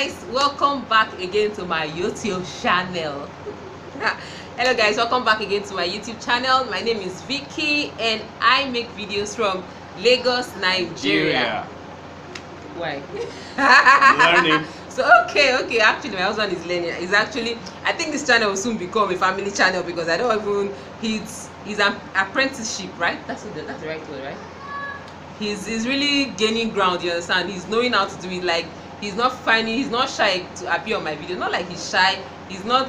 guys welcome back again to my youtube channel hello guys welcome back again to my youtube channel my name is vicky and i make videos from lagos nigeria, nigeria. why learning so okay okay actually my husband is learning is actually i think this channel will soon become a family channel because i don't even he's he's an apprenticeship right that's the, that's the right word right he's, he's really gaining ground you understand he's knowing how to do it like he's not funny. he's not shy to appear on my video not like he's shy he's not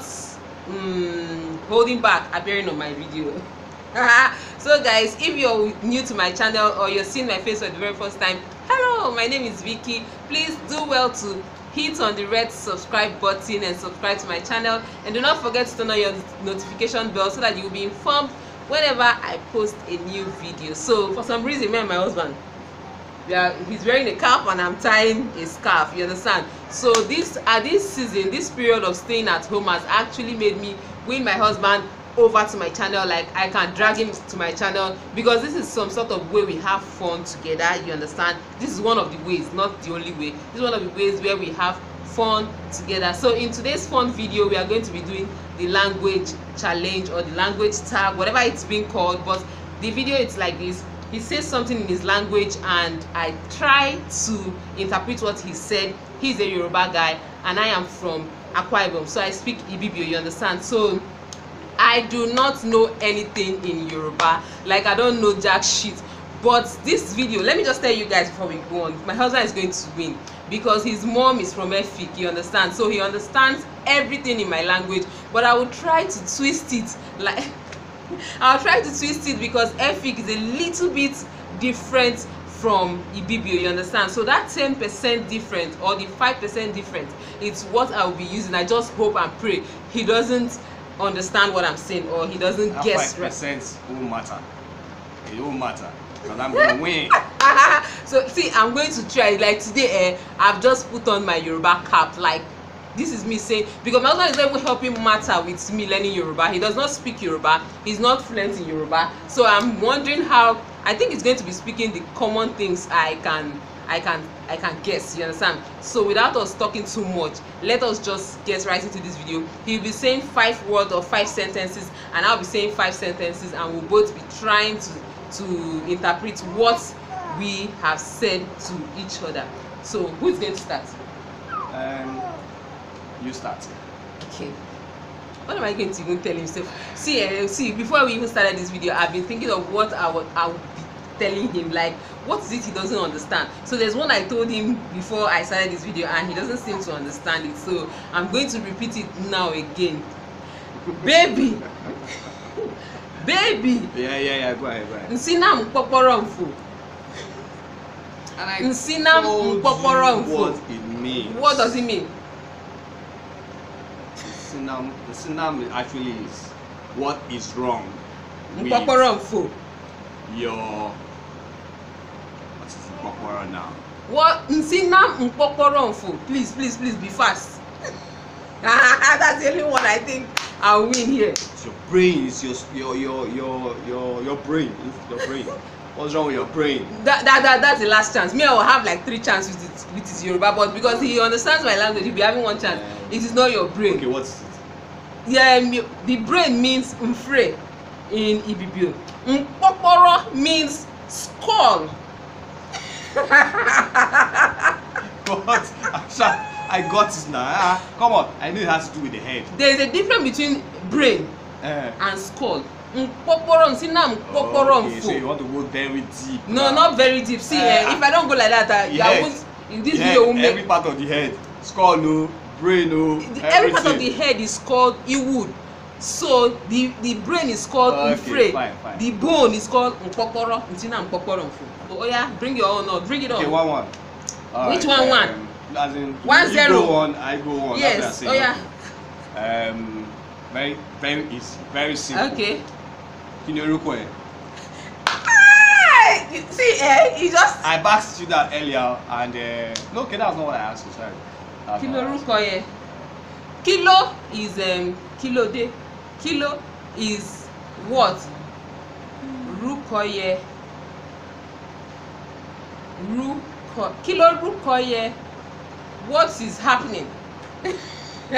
um, holding back appearing on my video so guys if you're new to my channel or you're seeing my face for the very first time hello my name is vicky please do well to hit on the red subscribe button and subscribe to my channel and do not forget to turn on your notification bell so that you'll be informed whenever i post a new video so for some reason me and my husband are, he's wearing a cap and i'm tying a scarf you understand so this at this season this period of staying at home has actually made me win my husband over to my channel like i can drag him to my channel because this is some sort of way we have fun together you understand this is one of the ways not the only way this is one of the ways where we have fun together so in today's fun video we are going to be doing the language challenge or the language tag whatever it's being called but the video is like this he says something in his language and i try to interpret what he said he's a yoruba guy and i am from akwa ibom so i speak ibibio you understand so i do not know anything in yoruba like i don't know jack shit but this video let me just tell you guys before we go on my husband is going to win because his mom is from Efik, you understand? So he understands everything in my language, but I will try to twist it like I'll try to twist it because Efik is a little bit different from Ibibio, you understand? So that 10% different or the 5% different, it's what I'll be using. I just hope and pray he doesn't understand what I'm saying or he doesn't that guess 5% right. won't matter. It won't matter. Because I'm going to win. so see, I'm going to try. Like today, eh, I've just put on my Yoruba cap. Like this is me saying because my husband is not even helping matter with me learning yoruba he does not speak yoruba he's not fluent in yoruba so i'm wondering how i think he's going to be speaking the common things i can i can i can guess you understand so without us talking too much let us just get right into this video he'll be saying five words or five sentences and i'll be saying five sentences and we'll both be trying to to interpret what we have said to each other so who's going to start um You start. Okay. What am I going to even tell himself? See, uh, see, before we even started this video, I've been thinking of what I would, I would be telling him like what is it he doesn't understand so there's one i told him before i started this video and he doesn't seem to understand it so i'm going to repeat it now again baby baby yeah yeah yeah go ahead go ahead nsina mkpọkpọrọ mfo nsina mkpọkpọrọ mfo what it means what does it mean Sinam, Sinam actually is what is wrong with your what's is now? What Sinam Nkpokporonfo? Please, please, please be fast. Ah, that's the only one I think I win here. It's your brain, is your your your your your, your brain, your brain. What's wrong with your brain? That, that, that that's the last chance. Me, I will have like three chances with, it, with his Yoruba, but because he understands my language, he'll be having one chance. Yeah it is not your brain okay what is it yeah, the brain means mfre in ibibio mkpokporo means skull but asha i got it now ah come on i know it has to do with the head there is a difference between brain uh. and skull mkpokporo see na mkpokporo mfo okay so you want to go very deep no now. not very deep see uh, uh, if i don go like that uh, ah, yes. i won't in this yes, video won't make every part of the head skull o. No brain o. Oh, every part of the head is called iwud so the the brain is called oh, okay, ifre fine, fine. the bone is called nkpokoro ntina nkpokoro nfu so oya oh yeah, bring your own up bring it up. okay one one. All which right, one um, one. as in one you zero. go one I go one. yes oya. Oh, yeah. um, very very easy very simple. okay. kí ni orúkọ ẹ. Ah! see eh he just. I asked you that earlier and uh, no okay that's not what I asked you sorry. Kilo ló orúkọ yẹn kilo is um, kilo kílódé kilo is what rúkọyẹ rúkọ kilo ló rúkọyẹ what is happening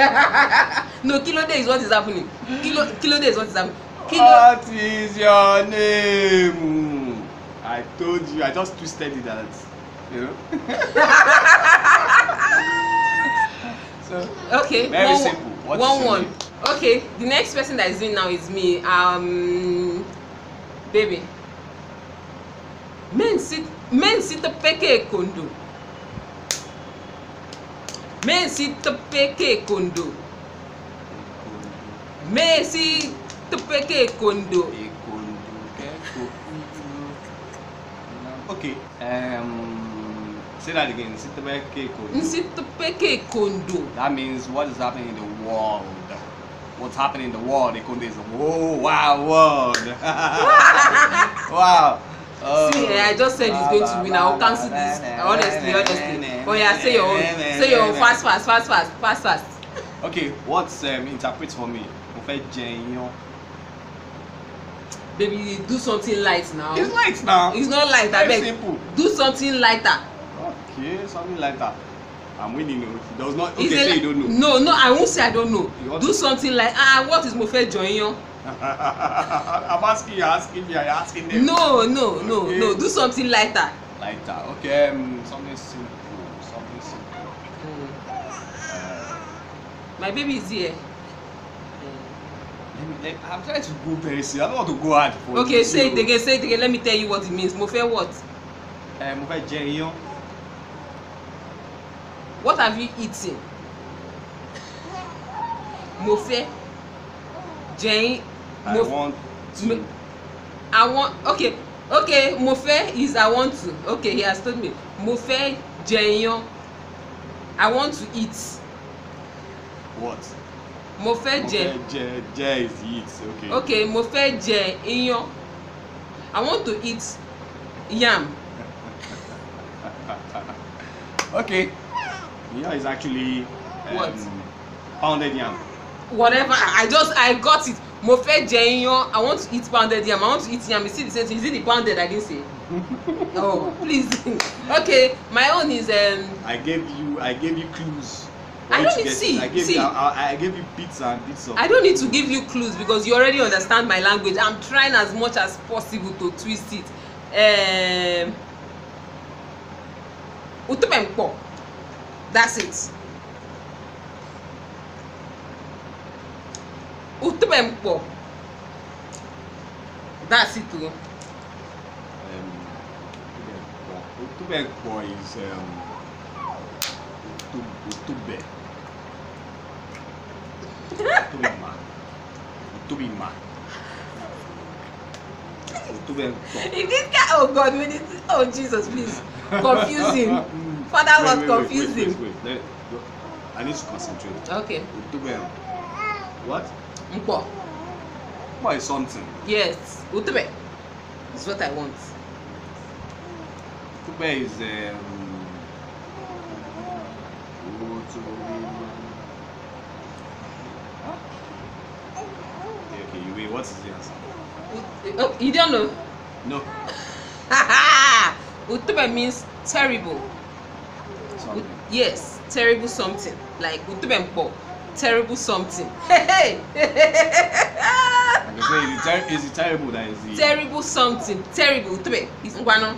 no kilo kílódé is what is happening kilo kilo kílódé is what is happening. Kilo... what is your name i told you i just twisted it out you know. Okay. Very one, simple. What one one. Okay. The next person that is in now is me. Um, baby. Men sit. Men sit peke kondo. Men sit peke kondo. Men sit peke kondo. Okay. Um. Say that again. Nsitupeke Kondo. That means what is happening in the world. What's happening in the world? Kondo is the whole wow world. wow. Oh, See, eh, I just said he's going to win. I will cancel this. Honestly, honestly. Oh yeah, say your own. Say your own. Fast, fast, fast, fast, fast, fast. Okay, what's um, interpret for me? Baby, do something light now. It's light now. It's not light. I beg. Simple. Do something lighter. okay, something like that. I'm winning. He does not. Okay, say so you don't know. No, no, I won't say I don't know. Do something like ah, what is mo fẹ́ join I'm asking you, asking me, I'm asking them. No, no, okay. no, no. Do something lighter. Lighter. Okay, um, something simple. Something simple. Mm. Uh, My baby is here. Hmm. I'm trying to go very serious. I don't want to go hard for Okay, say it again, say it again. Let me tell you what it means. Mo what? Uh, mo fẹ́ what have you eaten Mofe, fẹ́ jẹyin i want i want okay okay Mofe is i want to okay he has told me Mofe fẹ́ i want to eat what Mofe fẹ́ jẹ jẹ is eat okay okay Mofe fẹ́ jẹ i want to eat yam okay. Miya is actually um, what? pounded yam. Whatever, I just I got it. Mo fẹ́ jẹ iyán, I want to eat pounded yam, I want to eat yam, is it the same thing? Is it the pounded I didn't say? oh, please. okay, my own is um. I gave you I gave you clues. I don't need to see. I see. You, I, I gave you pizza and pizza. I don't need to give you clues because you already understand my language. I'm trying as much as possible to twist it. Um, utumempo. That's it. O tube m kpọ. That's it. Um, o is um, o tube. O tube ma. O tube ma. If this guy, oh God, when it, oh Jesus, please, confuse him. Father Lord, confuse wait, him. Wait, wait, I need to concentrate. Okay. Utube. What? Mpo. Mpo is something. Yes. Utube. It's what I want. Utube is um okay, you wait, what is the answer? Oh, you don't know? No. Utube means terrible something. Yes, terrible something. Like utubempo, terrible something. Hey, Like I say, it's, terrible that is the. terrible something, terrible utube. He's one.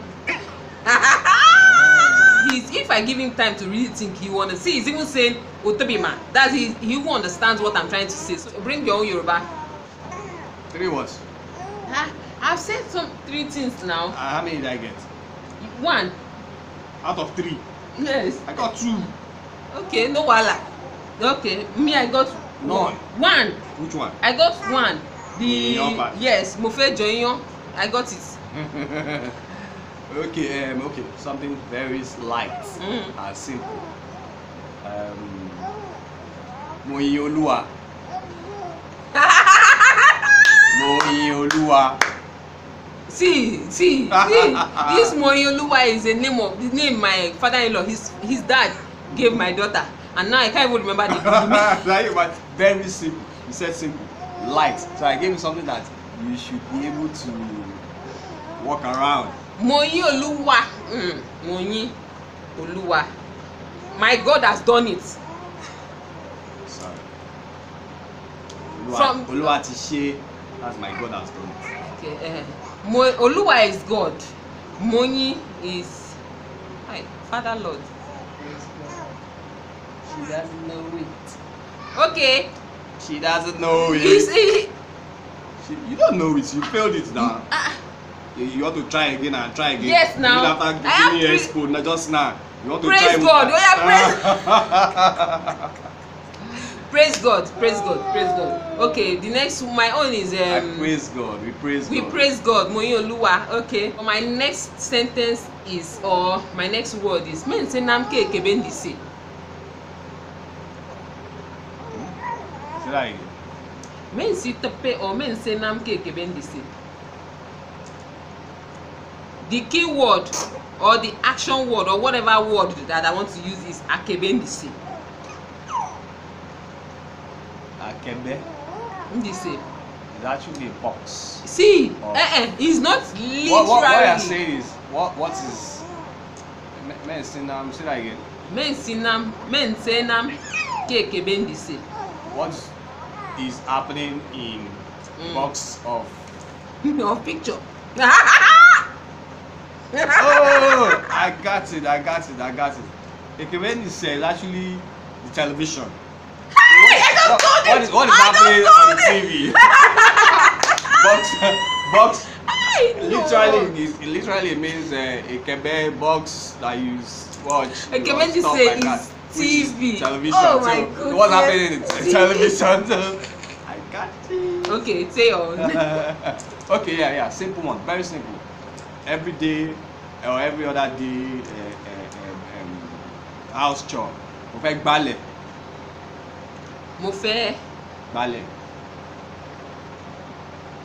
He's if I give him time to really think, he wanna see. He's even saying utubima. That he will understand what I'm trying to say. So bring your own Yoruba. Three words. Ah, I've said some three things now. Uh, how many did I get? One, Out of three. yes i got two okay no wahala okay me i got no. one which one i got one the yes mo fẹ́ i got it. okay um, okay something very light mm. and simple um, mo yin olúwa mo yin olúwa see see see this Morioluwa is the name of the name my father-in-law his his dad gave my daughter and now I can't even remember the name. like it very simple he said simple light so I gave him something that you should be able to walk around. Morioluwa mm, Moyin my God has done it. Sorry. Oluwa Oluwa ti ṣe as my God has done it. Okay, uh, Mo Oluwa is God. Moyin is hi, Father Lord. She doesn't know it. Okay. She doesn't know it. You see? She, you don't know it. You failed it now. Uh, you, you want to try again and try again. Yes, now. Even after giving me expo, just now. You want to praise try God. Oh, yeah, praise. praise god praise god praise god okay the next my own is um, I praise god we praise we god. praise god moyin okay my next sentence is or my next word is men say namke ekebendise men si tepe or men say namke ekebendise the key word or the action word or whatever word that i want to use is akebendise Kembe? Ndise. It's actually a box. See, eh, eh. -uh, it's not literally. What, what, what I'm saying is, what, what is. Mensinam, say that again. sinam, Mensinam, Mensenam, Kekebe Ndise. What is happening in mm. box of. of picture. Oh, oh, oh, oh, I got it, I got it, I got it. Ekebe Ndise uh, is actually the television. don't what, do this. What is, what is I happening on TV? box, box. Literally, it literally means uh, a kebe box that you watch. A kebe is like that, TV. Television. Oh my so, goodness. What's happening in television? I got it. Okay, say on. okay, yeah, yeah. Simple one. Very simple. Every day or every other day, uh, uh, um, um, house chore. Perfect ballet. mo fẹ́. gbalẹ̀.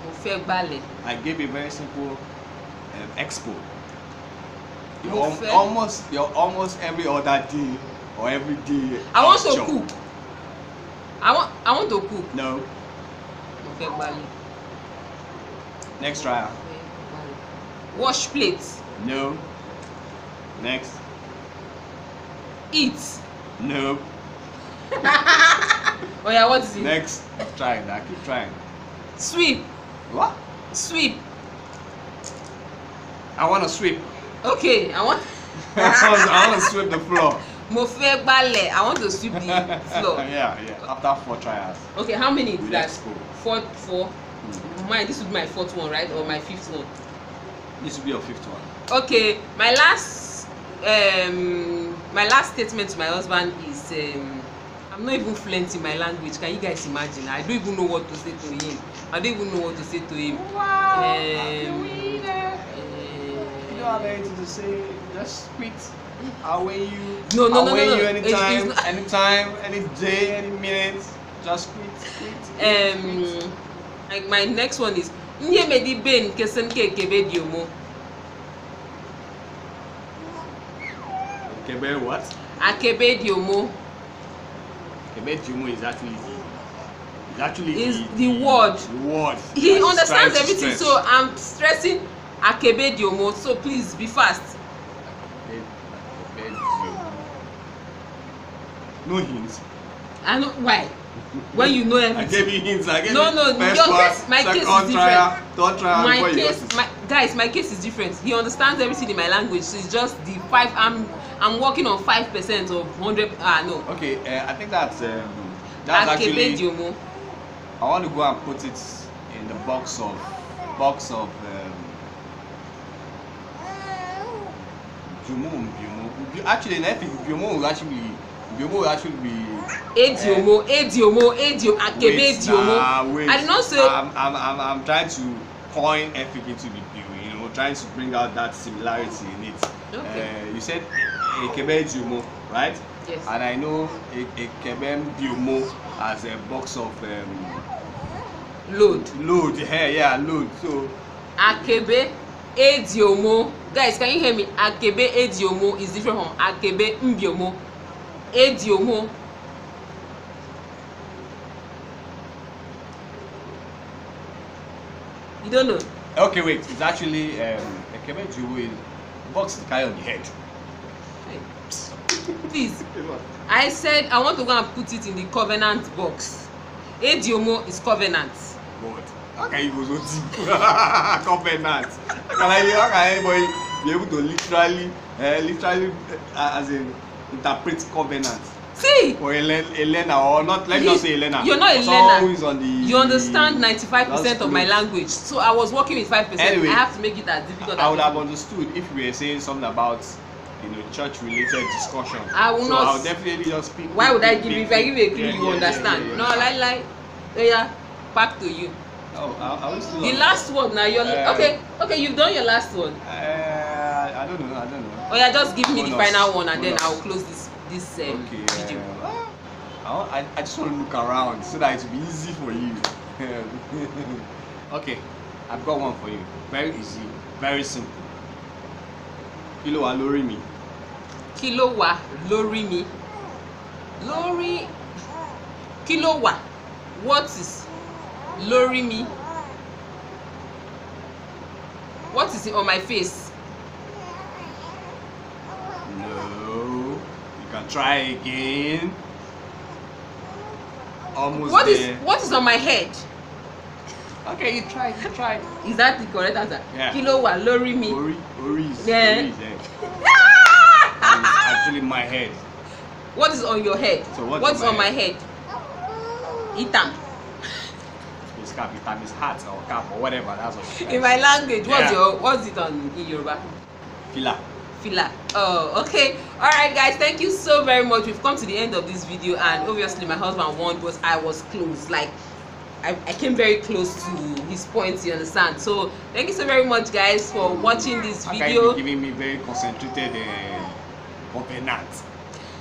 mo fẹ́ gbalẹ̀. I gave a very simple um, expo. mo fẹ́ almost you're almost every other day or every day. I want to cook. I want I want to cook. No. mo fẹ́ gbalẹ̀. next trial. wash plate. no. next. eat. no. Oh yeah, what is it? Next, try that. Keep trying. Sweep. What? Sweep. I want to sweep. Okay, I want. I want to sweep the floor. Mo fẹ́ gbálẹ̀, I want to sweep the floor. yeah, yeah. After four trials. Okay, how many is that? Four, four. Mm. Mine, this would be my fourth one, right? Or my fifth one? This would be your fifth one. Okay, my last, um, my last statement to my husband is. Um, I'm not even fluent in my language. Can you guys imagine? I don't even know what to say to him. I don't even know what to say to him. Wow. Um, we eh? uh, um, you don't have anything to say. Just quit. I'll weigh you. No, no, I'll no, weigh no, no. you anytime, it's, it's anytime, any day, any minute. Just quit. quit, quit um, quit. my next one is nye me di be nke se nke ekebe di omo. Ekebe what? Akebe di omo. the bedroom is actually the, is actually is the, the word. The word. He understands everything. So I'm stressing akebe diomo. So please be fast. No hints. I know why. when you know everything. I gave you hints. I gave no, no, first your case, my case is different. Don't try. my case, my, guys, my case is different. He understands everything in my language, so it's just the five arm I'm working on five percent of hundred. Ah no. Okay, uh, I think that's um, that's Akebe actually. Diomo. I want to go and put it in the box of box of. Um, Biomo Biomo. Actually, in think Biomo will actually be Biomo will actually be. Eh. Ediomo, uh, Ediomo, Edio, Akebe Ediomo. Nah, wait. I did not say. I'm, I'm, I'm, I'm trying to coin Efik into the Biomo. You know, trying to bring out that similarity in it. Okay. Uh, you said Ekebe diomo, right? Yes. And I know Ekebe diomo as a box of um, load. Load, yeah, yeah, load. So Akebe Ediomo. Guys, can you hear me? Akebe Ediomo is different from Akebe Mbiomo. Ediomo You don't know. Okay, wait. It's actually um, Ekebe Jubu is box the guy on the head please i said i want to go and put it in the covenant box Adiomo is covenant. god how can you go so deep covenant how can i how can anybody be able to literally uh, literally uh, as in interpret covenant. see For a, learner or not let's not say a learner you're not a learner on the you understand 95 percent of my language so i was working with five percent anyway, i have to make it as difficult I, as i would have understood if you were saying something about you know church related discussion. I will so not. I will definitely just speak. Why would I give you if I give a clue yeah, you yeah, understand? Yeah, yeah, yeah. No lie like, oh, yeah, back to you. Oh, I, I still. The on. last one now. you're uh, okay okay you've done your last one. Uh, I don't know I don't know. Oh yeah, just give me bonus, the final one and bonus. then I'll close this this um, okay, video. Uh, I, I just want to look around so that it will be easy for you. okay, I've got one for you. Very easy, very simple. Kí ló wà kí ló wà lórí mi lórí kí ló wà what is lórí mi what is on my face. no you can try again. almost what there. is what is on my head. okay you try you try. is that the correct answer. Yeah. kí ló wà lórí mi. orí orí is yeah. orí is there. Actually, my head. What is on your head? So what's, what's on, my, head? head? Itam. It's cap, itam, is hat or cap or whatever. That's what. In my language, yeah. what's your what's it on in Yoruba? Fila. Fila. Oh, okay. All right, guys. Thank you so very much. We've come to the end of this video, and obviously, my husband won, but I was close. Like. I, I, came very close to his points, you understand? So, thank you so very much, guys, for watching this video. Okay, giving me very concentrated. Uh... covenant covenant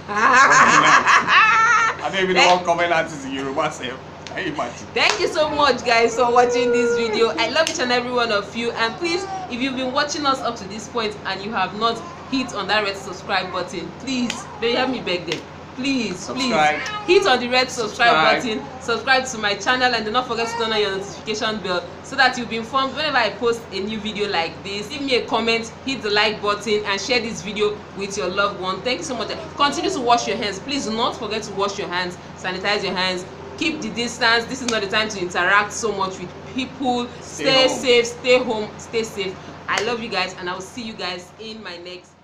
i don't even know what covenant is in yoruba sef imagine. thank you so much guys for watching this video i love each and every one of you and please if you've been watching us up to this point and you have not hit on that red subscribe button please may don't help me beg them please subscribe. please hit on the red subscribe, subscribe button subscribe to my channel and do not forget to turn on your notification bell so that you'll be informed whenever i post a new video like this leave me a comment hit the like button and share this video with your loved one thank you so much continue to wash your hands please do not forget to wash your hands sanitize your hands keep the distance this is not the time to interact so much with people stay, stay safe stay home stay safe i love you guys and i will see you guys in my next